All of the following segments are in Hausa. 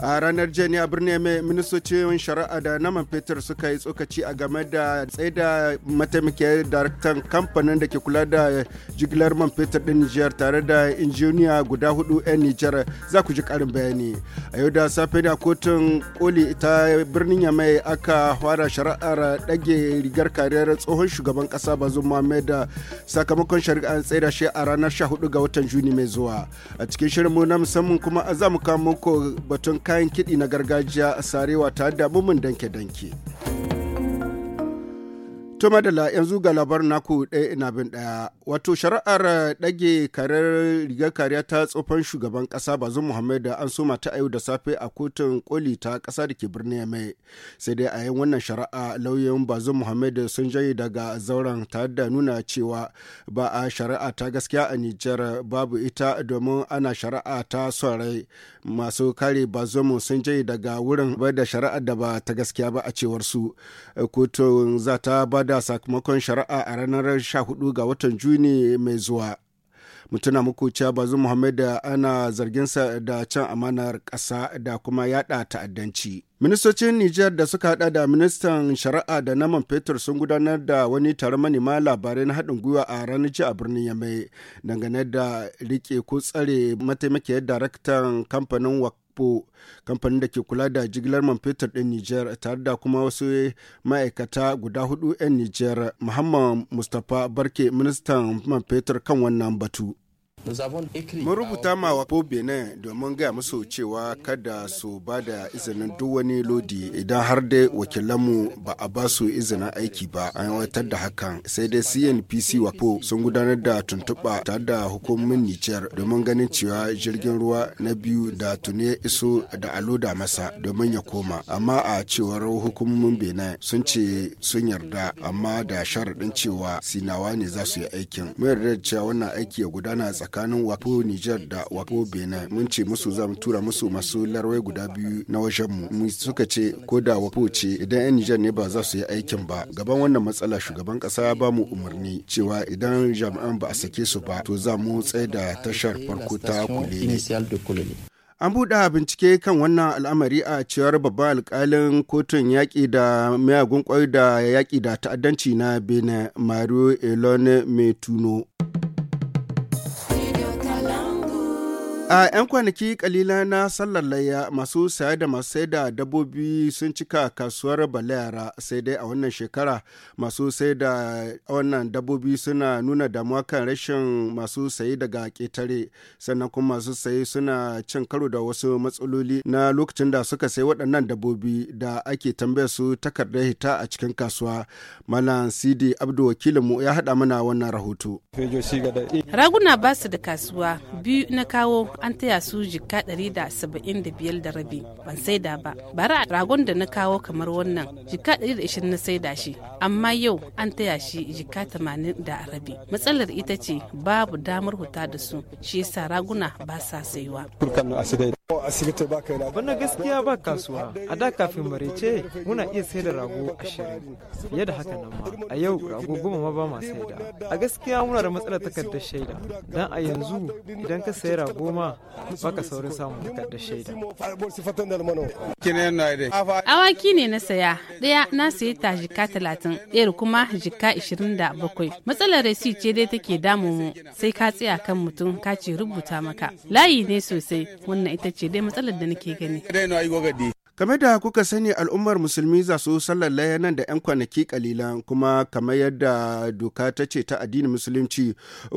a ranar ne a birnin mai ministocin shari'a da naman fetur suka yi tsokaci a game da tsaida mataimakiyar daraktan kamfanin da ke kula da jigilar man fetur din nijar tare da injiniya guda hudu 'yan nijar za ku ji karin bayani a yau da safe da kotun koli ta birnin ya mai aka fara shari'ar dage rigar kariyar tsohon shugaban kasa bazum da sakamakon shari'ar tsaida shi a ranar 14 ga watan juni mai zuwa a cikin shirin mu na musamman kuma za mu kawo muku batun kayan kiɗi na gargajiya a sarewa ta da mummun danke-danke. To madala yanzu ga labar naku ɗaya ina bin ɗaya. Wato shari'ar ɗage karar rigar kariya ta tsofan shugaban ƙasa Bazum Muhammad da an soma ta ayu da safe a kotun koli ta ƙasa da ke birnin mai Sai dai a yin wannan shari'a lauyoyin Bazum Muhammad sun jayi daga zauren tare da nuna cewa ba a shari'a ta gaskiya a Nijar babu ita domin ana shari'a ta son Masu kare Bazum sun jayi daga wurin ba da shari'a da ba ta gaskiya ba a cewar su. Kotun za ta ba da sakamakon shari'a a ranar 14 ga watan Juni mai zuwa. mutuna muku cewa bazu muhammad ana zarginsa da can amanar ƙasa da kuma yada ta'addanci ministocin nijar da suka hada da ministan shari'a da naman fetur sun gudanar da wani taron manema labarai na haɗin gwiwa a ranar ji a birnin yamai dangane da rike ko tsare mataimakiyar daraktan kamfanin Expo kamfanin da ke kula da jigilar man fetur ɗin Nijar tare da kuma wasu ma'aikata guda hudu 'yan Nijar Muhammad Mustapha Barke ministan man fetur kan wannan batu. Mun rubuta ma wa Benin domin gaya musu cewa kada su ba da izinin duk wani lodi idan har dai wakilanmu ba a ba su izinin aiki ba an yawatar da hakan sai dai CNPC wapo sun gudanar da tuntuba tare da hukumomin Nijar domin ganin cewa jirgin ruwa na biyu da tuni ya iso da aloda masa domin ya koma amma a cewar hukumomin Benin sun ce sun yarda amma da sharaɗin cewa sinawa ne za su yi aikin. Mun yarda cewa wannan aiki ya gudana tsakanin wapo Niger da wapo Benin mun ce musu za mu tura musu masu larwai guda biyu na wajen mu mun suka ce ko da wapo ce idan 'yan Niger ne ba za su yi aikin ba gaban wannan matsala shugaban kasa ya ba umarni cewa idan jami'an ba a sake su ba to za mu tsaye da tashar farko ta kule. An buɗe bincike kan wannan al'amari a cewar babban alkalin kotun yaƙi da miyagun ƙwai da yaƙi da ta'addanci na Benin Mario Elone Metuno. A 'yan kwanaki kalila na sallar layya masu saye da masu sai da dabbobi sun cika kasuwar balayara sai dai a wannan shekara masu sai da wannan dabbobi suna nuna damuwa kan rashin masu sayi daga ƙetare sannan kuma masu sayi suna cin karo da wasu matsaloli na lokacin da suka sai waɗannan dabbobi da ake tambayar su takardar hita a cikin kasuwa. Malam Sidi Abdu wakilinmu ya haɗa mana wannan rahoto. Raguna ba su da kasuwa biyu na kawo an taya su jika ɗari da saba'in da biyar da rabi ban saida ba bara ragon da na kawo kamar wannan jika ɗari da ishirin na saida shi amma yau an taya shi jika tamanin da rabi matsalar ita ce babu damar huta da su shi yasa raguna ba sa saiwa. Wannan gaskiya ba kasuwa a da kafin marece muna iya sai da rago ashirin fiye da haka nan ma a yau rago goma ma ba ma sai da a gaskiya muna da matsalar takardar shaida don a yanzu idan ka sayi rago ma ka saurin samun takardar shaida awaki ne na saya ɗaya na sayi ta jika talatin da kuma jika ishirin da bakwai matsalar resi ce dai take damu mu sai ka tsaya kan mutum ka ce rubuta maka layi ne sosai wannan ita ce dai matsalar da nake gani Kame da kuka sani al'ummar musulmi za su sallar laya nan da 'yan kwanaki kalilan kuma kamar yadda doka ta ce ta addinin musulunci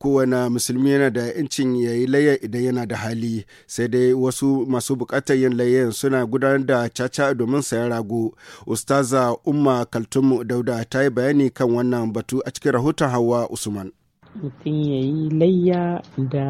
kowane musulmi yana da 'yancin ya yi layya idan yana da hali sai dai wasu masu bukatar yin layyan suna gudanar da caca domin sayan rago. Ustaza Umma kaltumu Dauda ta yi bayani kan wannan batu a cikin rahoton Hawa Usman. mutum ya yi layya da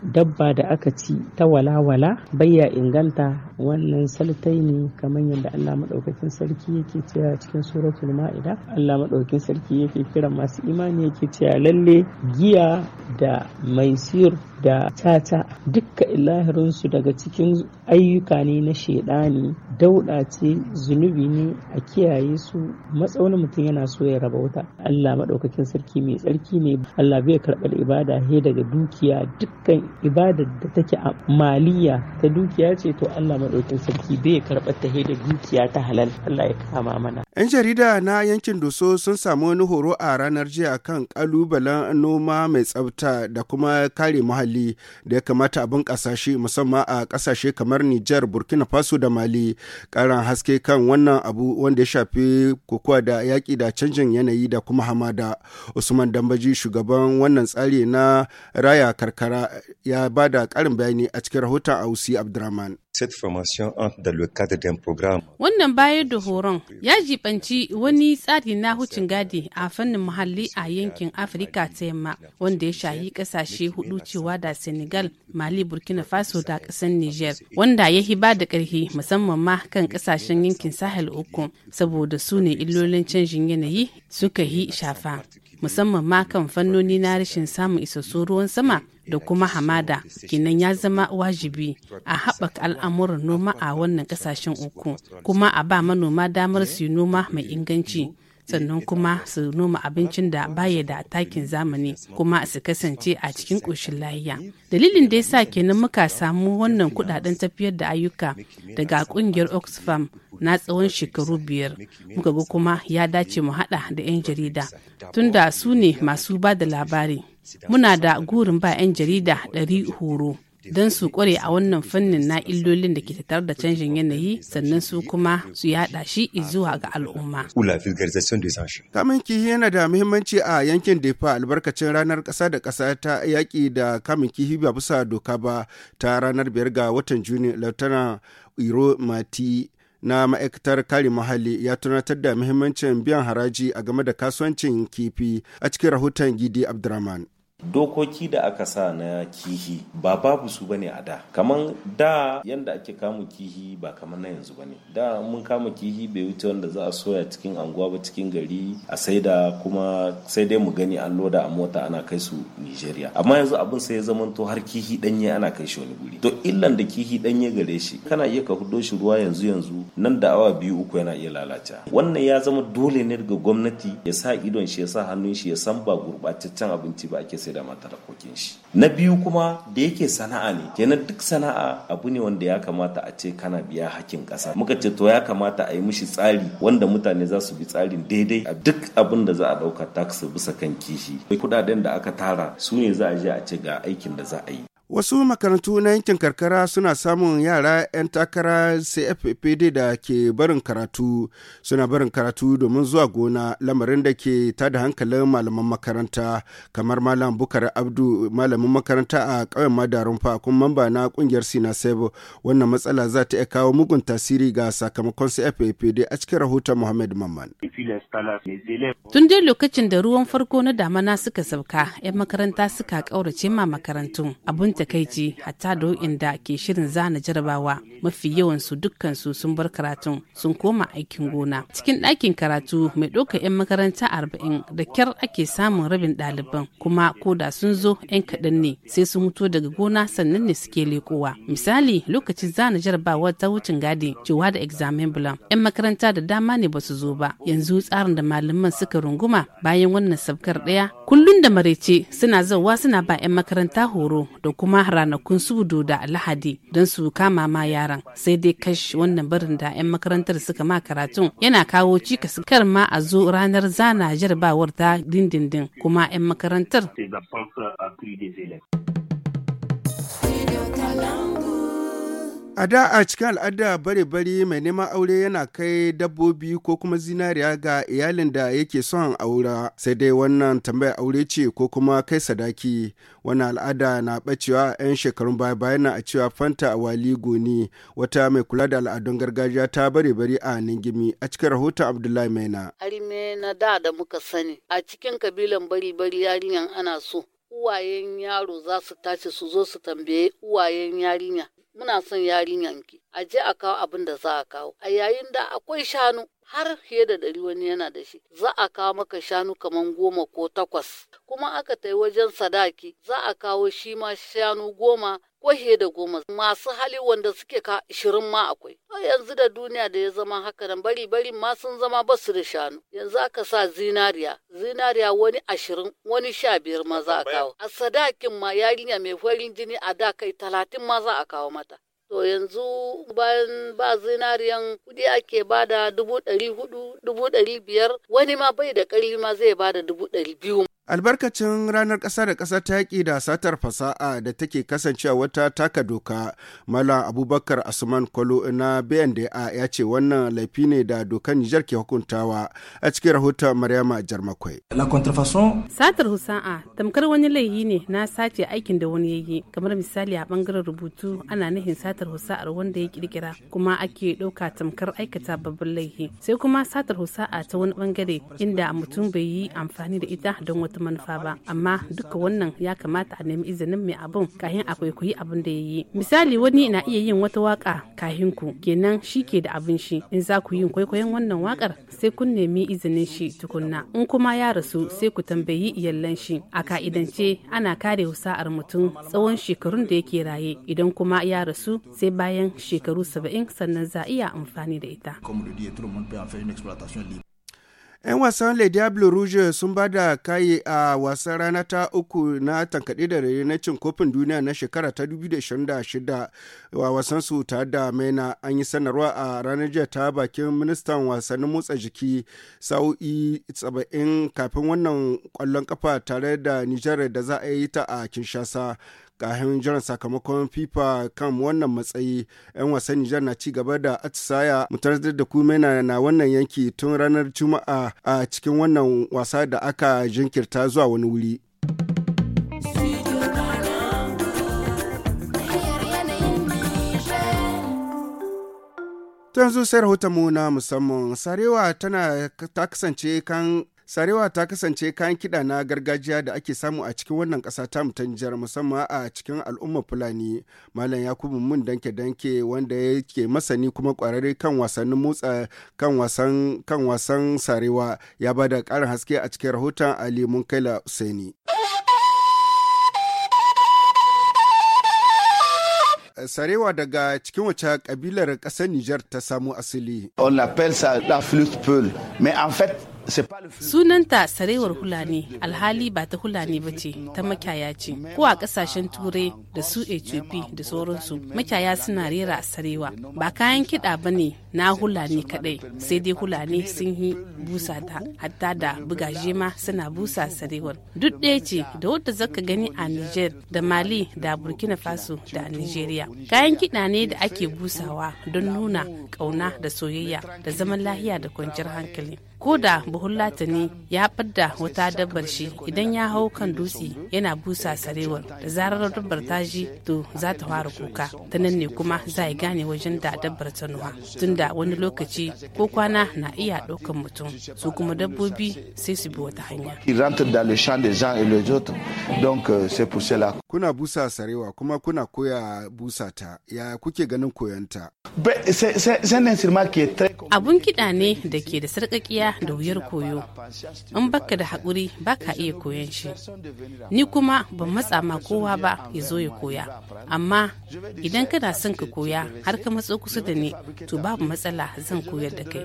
dabba da aka ci ta walawala bayya inganta wannan saltai ne kamar yadda Allah maɗaukakin sarki yake cewa cikin suratul ma'ida Allah maɗaukakin sarki yake kira masu imani yake cewa lalle giya da mai maisir da caca dukka ilahirinsu daga cikin ayyuka ne na shaidani dauɗa ce zunubi ne a kiyaye su matsaunin mutum yana so ya raba wuta Allah maɗaukakin sarki mai tsarki ne Allah bai karɓar ibada he daga dukiya dukkan ibada da take a maliya ta dukiya ce to Allah maɗaukakin sarki bai karɓar ta he da dukiya ta halal Allah ya kama mana 'Yan jarida na yankin Doso sun samu wani horo a ranar jiya kan kalubalen noma mai tsafta da kuma kare muhalli muhalli da ya kamata a bunƙasa shi musamman a ƙasashe kamar Nijar, Burkina Faso da Mali. Ƙaran haske kan wannan abu wanda ya shafi kokowa da yaƙi da canjin yanayi da kuma hamada. Usman Dambaji shugaban wannan tsari na raya karkara ya bada ƙarin bayani a cikin rahoton Ausi Abdurrahman. Wannan bayar da horon ya jibanci wani tsari na hucin gadi a fannin muhalli a yankin Afirka ta yamma wanda ya shahi kasashe hudu cewa da Senegal, Mali, Burkina Faso da ƙasar Niger wanda ya ba da ƙarfi musamman ma kan ƙasashen yankin Sahel uku saboda su ne illolin canjin yanayi suka yi shafa. musamman ma kan fannoni na rashin samun isassun ruwan sama da kuma hamada kenan ya zama wajibi a haɓaka al'amuran noma a wannan ƙasashen uku kuma a ba manoma damar su yi noma mai inganci sannan kuma su noma abincin da baya da takin zamani kuma su kasance a cikin ƙoshin lahiya dalilin da ya sa kenan muka samu wannan kudaden tafiyar da ayyuka daga ƙungiyar oxfam na tsawon shekaru biyar muka ga kuma ya dace mu haɗa da 'yan jarida tunda su ne masu ba da labari muna da gurin ba 'yan jarida ɗari horo don su kware a wannan fannin na illolin da ke tattare da canjin yanayi sannan su kuma su yada shi zuwa ga al'umma. kamin kihi yana da muhimmanci a yankin Defa albarkacin ranar ƙasa da ƙasa ta yaƙi da kamun kihi ba bisa doka ba ta ranar biyar ga watan Juni Lautana Iro Mati na ma'aikatar kare muhalli ya tunatar da muhimmancin biyan haraji a game da kasuwancin kifi a cikin rahoton Gidi Abdurrahman. dokoki da aka sa na kihi ba babu su bane a da kaman da yadda ake kama kihi ba kaman na yanzu bane da mun kama kihi bai wuce wanda za a soya cikin anguwa ba cikin gari a saida kuma sai dai mu gani an loda a mota ana kai su Nigeria amma yanzu abin sai ya zamanto har kihi danye ana kai shi wani guri to illan da kihi danye gare shi kana iya ka hudo shi ruwa yanzu yanzu nan da awa biyu uku yana iya lalata wannan ya zama dole ne daga gwamnati ya sa idon shi ya sa hannun shi ya san ba gurbataccen abinci ba ake sai da mata kokin shi na biyu kuma da yake sana'a ne kenan duk sana'a abu ne wanda ya kamata a ce kana biya hakkin kasa muka ce to ya kamata a yi mishi tsari wanda mutane za su bi tsarin daidai a duk abin da za a dauka tax bisa kan kishi kudaden da aka tara su ne za a je a ce ga aikin da za a yi Wasu makarantu na yankin karkara suna samun yara 'yan takara CFPD da ke barin karatu, suna barin karatu domin zuwa gona lamarin da ke tada hankalin malaman makaranta, kamar Malam Bukar Abdu malamin makaranta a ƙauyen Madarunfa fakon mamba na ƙungiyar Sina Sebo. Wannan matsala za ta iya kawo mugun tasiri ga sakamakon CFPD a cikin rahoton Muhammad Mamman. Tun dai lokacin da ruwan farko na damana suka sauka, 'yan makaranta suka ƙaurace ma makarantun. Abun takaici hatta da waɗanda ke shirin zana jarabawa mafi yawan yawansu dukkansu sun bar karatun sun koma aikin gona cikin ɗakin karatu mai ɗaukar 'yan makaranta arba'in da kyar ake samun rabin ɗaliban kuma ko da sun zo 'yan kaɗan ne sai sun mutu daga gona sannan ne suke lekowa misali lokacin zana jarabawa ta wucin gadi cewa da examen bulan 'yan makaranta da dama ne ba su zo ba yanzu tsarin da malaman suka runguma bayan wannan sabkar ɗaya kullum da maraice suna zauwa suna ba 'yan makaranta horo da kuma kuma ranakun sudu da lahadi don su kama ma yaran sai dai kash wannan barin da 'yan makarantar suka ma karatun yana kawo cikas kar ma a zo ranar zana jarabawar ta dindindin kuma 'yan makarantar A da a cikin al'ada bare-bare mai neman aure yana kai dabbobi ko kuma zinariya ga iyalin da yake son aura sai dai wannan tambayar aure ce ko kuma kai sadaki. Wannan al'ada na bacewa 'yan shekarun baya bayan a cewa Fanta Wali Goni wata mai kula da al'adun gargajiya ta bare-bare a Ningimi a cikin rahoton Abdullahi Maina. Arime na da da muka sani a cikin kabilan bare-bare yarinyan ana so uwayen yaro za su tashi su zo su tambaye uwayen yarinya muna son yarinyanki a je a kawo abin da za a kawo a yayin da akwai shanu har fiye da ɗari wani yana da shi za a kawo maka shanu kamar goma ko takwas kuma aka tai wajen sadaki za a kawo shi ma shanu goma ko fiye da goma masu hali wanda suke ka ishirin ma akwai yanzu da duniya da ya zama haka nan bari bari ma sun zama ba su da shanu yanzu aka sa zinariya zinariya wani ashirin wani sha biyar ma za a kawo a sadakin ma yarinya mai farin jini a da kai talatin ma za a kawo mata to yanzu bayan ba zinariyan kudi ake bada dubu ɗari hudu dubu ɗari biyar wani ma bai da ƙari ma zai bada dubu ɗari biyu albarkacin ranar ƙasa da ƙasa ta yaƙi da satar fasa'a da take kasancewa wata taka doka mala abubakar asuman kwalo na bnda ya ce wannan laifi ne da dokan nijar ke hukuntawa a cikin rahoton maryama jarmakwai satar husa'a tamkar wani laifi ne na sace aikin da wani yayi kamar misali a bangaren rubutu ana nihin satar husa'ar wanda ya kirkira kuma ake ɗauka tamkar aikata babban laifi sai kuma satar husa'a ta wani bangare inda mutum bai yi amfani da ita don wata wata manufa ba amma duka wannan ya kamata a nemi izinin mai abun kahin akwai kuyi abin da ya yi misali wani na iya yin wata waka kahin ku kenan shi ke da abin shi in za ku yi kwaikwayon wannan wakar sai kun nemi izinin shi tukunna in kuma ya rasu sai ku tambayi iyalan shi a ka'idance ana kare husa'ar mutum tsawon shekarun da yake raye idan kuma ya rasu sai bayan shekaru saba'in sannan za a iya amfani da ita 'Yan wasan Le Diablo Rouge sun ba da kayi a wasan rana ta uku na tankaɗe da na cin kofin duniya na shekara ta 2026 wa wasan su ta da maina an yi sanarwa a ranar jiya ta bakin ministan wasannin motsa jiki sa'o'i 70 kafin wannan kwallon kafa tare da Nijar da za a yi ta a Kinshasa. kahin jiran sakamakon fifa kan wannan matsayi yan wasan nijar na ci gaba da atisaya mutanen da kuma na wannan yanki tun ranar juma'a a cikin wannan wasa da aka jinkirta zuwa wani wuri yanzu sai rahoton mu na musamman sarewa tana ta kasance kan sarewa ta kasance kayan kiɗa na gargajiya da ake samu a cikin wannan ƙasa ta mutanjar musamman a cikin al'ummar fulani malam yakubu mun danke danke wanda ya ke masani kuma ƙwararre kan wasannin motsa kan wasan kan wasan sarewa ya ba da ƙarin haske a cikin rahoton ali munkaila useni sarewa daga cikin wace kabilar kasar Nijar ta samu asali On appelle ça la flute peul, mais en fait Sunanta sarewar Hulani alhali ba ta Hulani ba ce ta makyaya ce ko a kasashen turai da su HOP da sauransu makyaya suna rera sarewa ba kayan kiɗa ba ne na Hulani kaɗai sai dai Hulani sun yi busa ta hatta da bugaje ma suna busa sarewar duk ɗaya ce da wadda zaka gani a Niger da Mali da Burkina Faso da Nigeria kayan kiɗa ne da ake busawa don nuna ƙauna da soyayya da zaman lahiya da kwanciyar hankali ko da buhun ne ya da wata dabbar shi idan ya hau kan dutse yana busa sarewar da zarar dabbar ta ji to za ta fara kuka ta nan ne kuma za a gane wajen da dabbar ta tun tunda wani lokaci ko kwana na iya ɗaukan mutum su kuma dabbobi sai su bi wata hanya euh, kuna busa sarewa kuma kuna koya busa ta ya kuke ganin koyanta abun kiɗa ne da ke da sarƙaƙiya daya da wuyar koyo in baka da haƙuri ka iya koyon shi ni kuma ban matsa ma kowa ba ya zo ya koya amma idan kana son ka koya har ka matso kusa da ni to babu matsala zan koyar da kai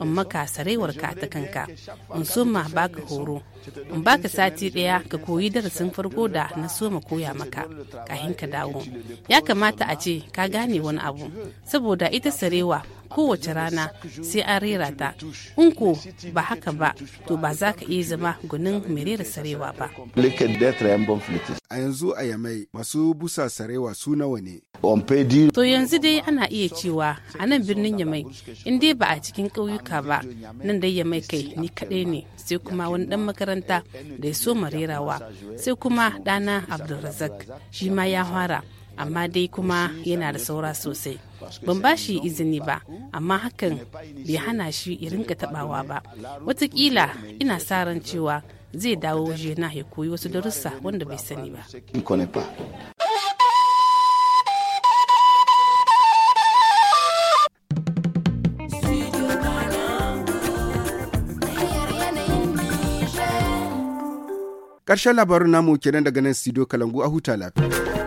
in maka sarewar ka ta kanka in soma baka horo in baka sati ɗaya ka koyi darasin farko da na soma koya maka kahin ka dawo ya kamata a ce ka gane wani abu saboda ita sarewa kowace rana sai an rera ta in ko ba haka ba to ba za ka iya zama gunin mai rera sarewa ba a yanzu a yamai masu busa sarewa su nawa ne to yanzu dai ana iya cewa a nan birnin yamai in dai ba a cikin ƙauyuka ba nan dai yamai kai ni kaɗai ne sai kuma wani ɗan makaranta da ya so marerawa sai kuma ɗana abdulrazak shi ma ya fara amma dai kuma yana da saura sosai ban ba shi izini ba amma hakan bai hana shi ya rinka tabawa ba watakila ina sa ran cewa zai dawo na ya koyi wasu darussa wanda bai sani ba Ƙarshen labarin namu kenan daga nan sido Kalangu a huta lafiya.